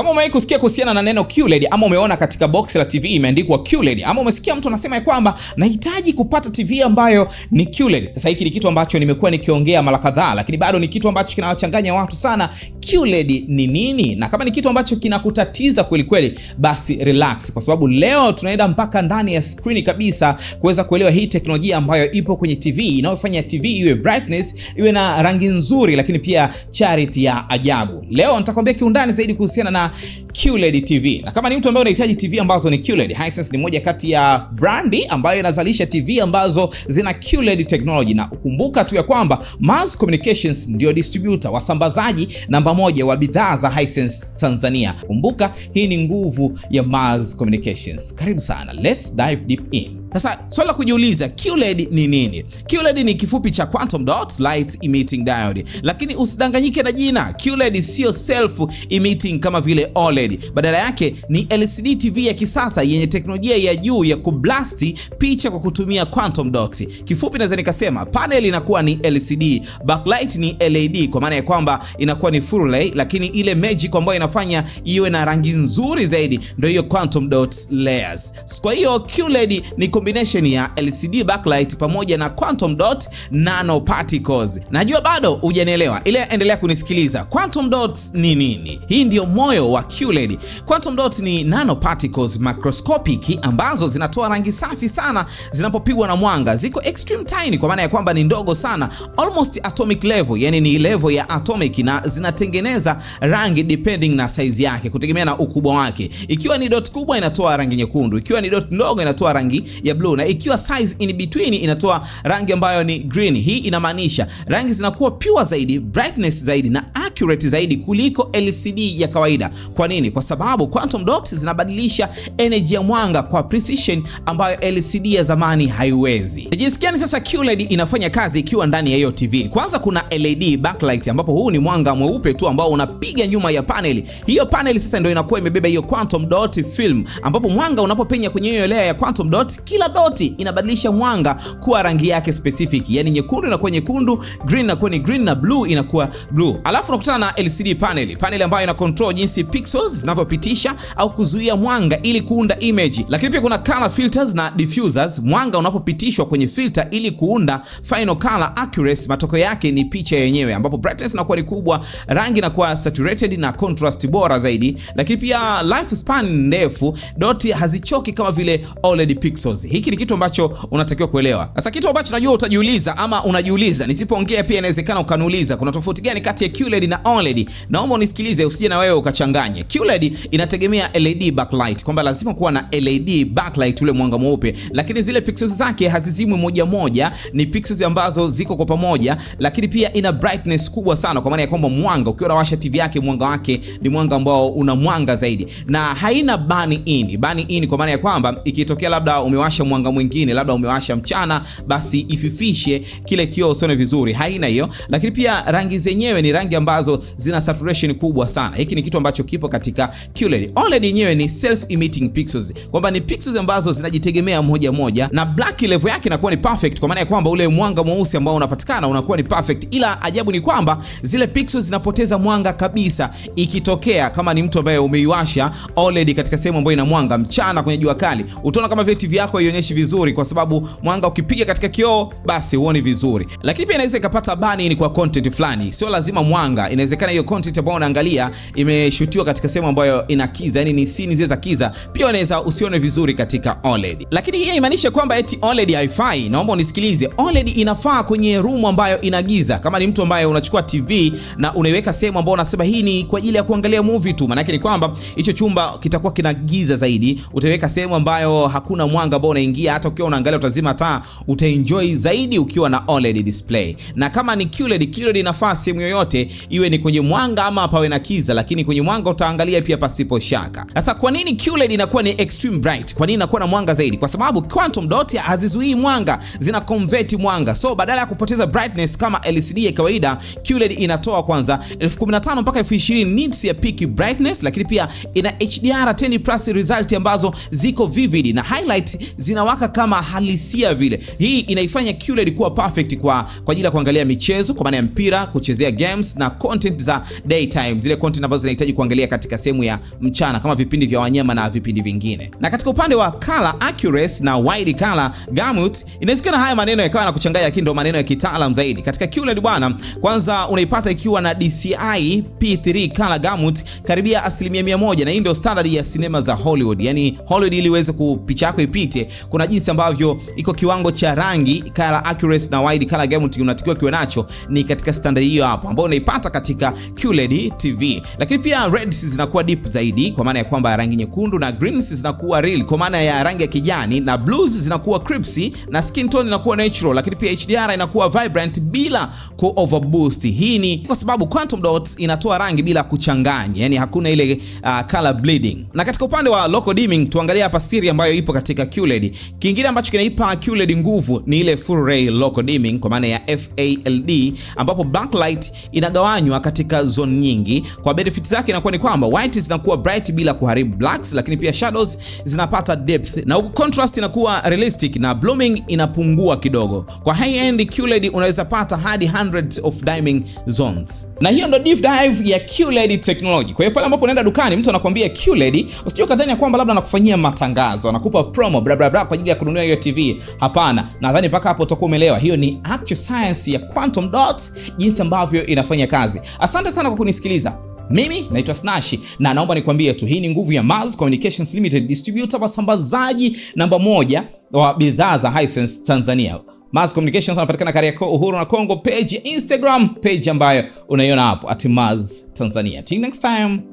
Kama umewahi kusikia kuhusiana na neno QLED ama umeona katika box la TV imeandikwa QLED ama umesikia mtu anasema ya kwamba nahitaji kupata TV ambayo ni QLED. Sasa hiki ni kitu ambacho nimekuwa nikiongea mara kadhaa, lakini bado ni kitu ambacho kinawachanganya watu sana. QLED ni nini, na kama ni kitu ambacho kinakutatiza kweli kweli, basi relax, kwa sababu leo tunaenda mpaka ndani ya skrini kabisa kuweza kuelewa hii teknolojia ambayo ipo kwenye TV inayofanya TV iwe brightness, iwe na rangi nzuri, lakini pia charity ya ajabu. Leo nitakwambia kiundani zaidi kuhusiana na QLED TV. Na kama ni mtu ambaye unahitaji TV ambazo ni QLED, Hisense ni moja kati ya brandi ambayo inazalisha TV ambazo zina QLED technology, na ukumbuka tu ya kwamba Mars Communications ndio distributor wasambazaji namba moja wa bidhaa za Hisense Tanzania. Kumbuka hii ni nguvu ya Mars Communications. Karibu sana. Let's dive deep in. Sasa swali la kujiuliza, QLED ni nini? QLED ni kifupi cha Quantum Dot Light Emitting Diode, lakini usidanganyike na jina. QLED sio self emitting kama vile OLED, badala yake ni LCD TV ya kisasa yenye teknolojia ya juu ya kublasti picha kwa kutumia Quantum Dot. Kifupi naweza nikasema panel inakuwa ni LCD, backlight ni LED, kwa maana ya kwamba inakuwa ni full LED, lakini ile magic ambayo inafanya iwe na rangi nzuri zaidi ndio hiyo Quantum Dot layers. Kwa hiyo QLED ni combination ya LCD backlight pamoja na quantum dot nano particles. Najua bado hujanielewa, ile endelea kunisikiliza. Quantum dot ni nini? Hii ndio moyo wa QLED. Quantum dot ni nano particles microscopic ambazo zinatoa rangi safi sana zinapopigwa na mwanga, ziko extreme tiny, kwa maana ya kwamba ni ndogo sana, almost atomic level, yani ni level ya atomic, na zinatengeneza rangi depending na size yake, kutegemea na ukubwa wake. Ikiwa ni dot kubwa inatoa rangi nyekundu, ikiwa ni dot ndogo inatoa rangi ya blue, na ikiwa size in between inatoa rangi ambayo ni green. Hii inamaanisha rangi zinakuwa pure zaidi, brightness zaidi na accurate zaidi kuliko LCD ya kawaida. Kwa nini? Kwa sababu quantum dots zinabadilisha energy ya mwanga kwa precision ambayo LCD ya zamani haiwezi. Ni sasa QLED inafanya kazi ikiwa ndani ya hiyo TV? Kwanza kuna LED backlight ambapo huu ni mwanga mweupe tu ambao unapiga nyuma ya panel. Hiyo panel sasa ndio inakuwa imebeba hiyo quantum dot film ambapo mwanga unapopenya kwenye hiyo layer ya quantum dot, kila doti inabadilisha mwanga kuwa rangi yake specific. Yaani nyekundu inakuwa nyekundu, green inakuwa ni green na blue inakuwa blue. Alafu Tunaanza na LCD panel, panel ambayo ina control jinsi pixels zinavyopitisha au kuzuia mwanga ili kuunda image. Lakini pia kuna color filters na diffusers, mwanga unapopitishwa kwenye filter ili kuunda final color accuracy, matokeo yake ni picha yenyewe ambapo brightness inakuwa ni kubwa, rangi inakuwa saturated na contrast bora zaidi. Lakini pia life span ndefu, doti hazichoki kama vile OLED pixels. Hiki ni kitu ambacho unatakiwa kuelewa. Sasa kitu ambacho najua utajiuliza ama unajiuliza, nisipoongea pia inawezekana ukaniuliza kuna tofauti gani kati ya QLED na OLED. Naomba unisikilize usije na wewe ukachanganye. QLED inategemea LED backlight, kwamba lazima kuwa na LED backlight, ule mwanga mweupe, lakini zile pixels zake hazizimwi moja moja, ni pixels ambazo ziko kwa pamoja, lakini pia ina brightness kubwa sana, kwa maana ya kwamba mwanga ukiwa unawasha TV yake mwanga wake ni mwanga ambao una mwanga zaidi, na haina burn in. Burn in kwa maana ya kwamba ikitokea labda umewasha mwanga mwingine, labda umewasha mchana, basi ififishe kile kioo usione vizuri, haina hiyo. Lakini pia rangi zenyewe ni rangi ambazo ambazo zina saturation kubwa sana. Hiki ni kitu ambacho kipo katika QLED. OLED yenyewe ni self emitting pixels, kwamba ni pixels ambazo zinajitegemea moja moja, na black level yake inakuwa ni perfect, kwa maana ya kwamba ule mwanga mweusi ambao unapatikana unakuwa ni perfect, ila ajabu ni kwamba zile pixels zinapoteza mwanga kabisa, ikitokea kama ni mtu ambaye umeiwasha OLED katika sehemu ambayo ina mwanga mchana, kwenye jua kali, utaona kama vile TV yako haionyeshi vizuri, kwa sababu mwanga ukipiga katika kioo basi huoni vizuri. Lakini pia inaweza ikapata burn-in kwa content fulani, sio lazima mwanga inawezekana hiyo content ambayo unaangalia imeshutiwa katika sehemu ambayo ina kiza, yani ni scene zile za kiza, pia unaweza usione vizuri katika OLED. Lakini hii haimaanishi kwamba eti OLED haifai. Naomba unisikilize, OLED inafaa kwenye room ambayo ina giza. Kama ni mtu ambaye unachukua TV na unaiweka sehemu ambayo unasema hii ni kwa ajili ya kuangalia movie tu, maana yake ni kwamba hicho chumba kitakuwa kina giza zaidi. Utaweka sehemu ambayo hakuna mwanga ambao unaingia, hata ukiwa unaangalia utazima taa, utaenjoy zaidi ukiwa na OLED display. Na kama ni QLED, QLED inafaa sehemu yoyote iwe ni kwenye mwanga ama pawe na kiza, lakini kwenye mwanga utaangalia pia pasipo shaka. Sasa kwa nini QLED inakuwa ni extreme bright? Kwa nini inakuwa na mwanga zaidi? Kwa sababu quantum dot hazizuii mwanga, zina convert mwanga, so badala ya kupoteza brightness kama LCD ya kawaida, QLED inatoa kwanza 1015 mpaka 2020 nits ya peak brightness, lakini pia ina HDR 10 plus result ambazo ziko vivid na highlight zinawaka kama halisia vile. Hii inaifanya QLED kuwa perfect kwa kwa ajili ya kuangalia michezo kwa maana ya mpira, kuchezea games na content za daytime, zile content ambazo zinahitaji kuangalia katika sehemu ya mchana kama vipindi vya wanyama na vipindi vingine. Na katika upande wa color accuracy na wide color gamut, inawezekana haya maneno yakawa na kuchanganya, lakini ndio maneno ya kitaalamu zaidi. Katika QLED bwana, kwanza unaipata ikiwa na DCI P3 color gamut karibia asilimia mia moja, na hii ndio standard ya sinema za Hollywood. Yani Hollywood ili iweze kupicha yako ipite, kuna jinsi ambavyo iko kiwango cha rangi color accuracy na wide color gamut unatakiwa kiwe nacho, ni katika standard hiyo hapo ambayo unaipata katika QLED TV, lakini pia reds zinakuwa deep zaidi kwa maana ya kwamba rangi nyekundu na greens zinakuwa real kwa maana ya rangi ya kijani na blues zinakuwa crispy na skin tone inakuwa natural, lakini pia HDR inakuwa vibrant bila ku overboost. Hii ni kwa sababu quantum dots inatoa rangi bila kuchanganya, yani hakuna ile uh, color bleeding. Na katika upande wa local dimming tuangalie hapa siri ambayo ipo katika QLED. Kingine ambacho kinaipa QLED nguvu ni ile full ray local dimming kwa maana ya FALD ambapo backlight inagawanywa kufanywa katika zone nyingi. Kwa benefit zake inakuwa ni kwamba white zinakuwa bright bila kuharibu blacks, lakini pia shadows zinapata depth na huku contrast inakuwa realistic na blooming inapungua kidogo. Kwa high end QLED unaweza pata hadi hundreds of dimming zones, na hiyo ndo deep dive ya QLED technology. Kwa hiyo pale ambapo unaenda dukani mtu anakuambia QLED, usijue kadhani ya kwamba labda anakufanyia matangazo, anakupa promo bla bla bla kwa ajili ya kununua hiyo TV. Hapana, nadhani mpaka hapo utakuwa umeelewa. Hiyo ni actual science ya quantum dots, jinsi ambavyo inafanya kazi kazi. Asante sana kwa kunisikiliza. Mimi naitwa Snashi na naomba nikwambie tu, hii ni nguvu ya Mars Communications Limited, distributor wasambazaji namba moja wa bidhaa za Hisense Tanzania. Mars Communications wanapatikana Kariakoo, Uhuru na Kongo. Page ya Instagram, page ambayo unaiona hapo at Mars Tanzania. Till next time.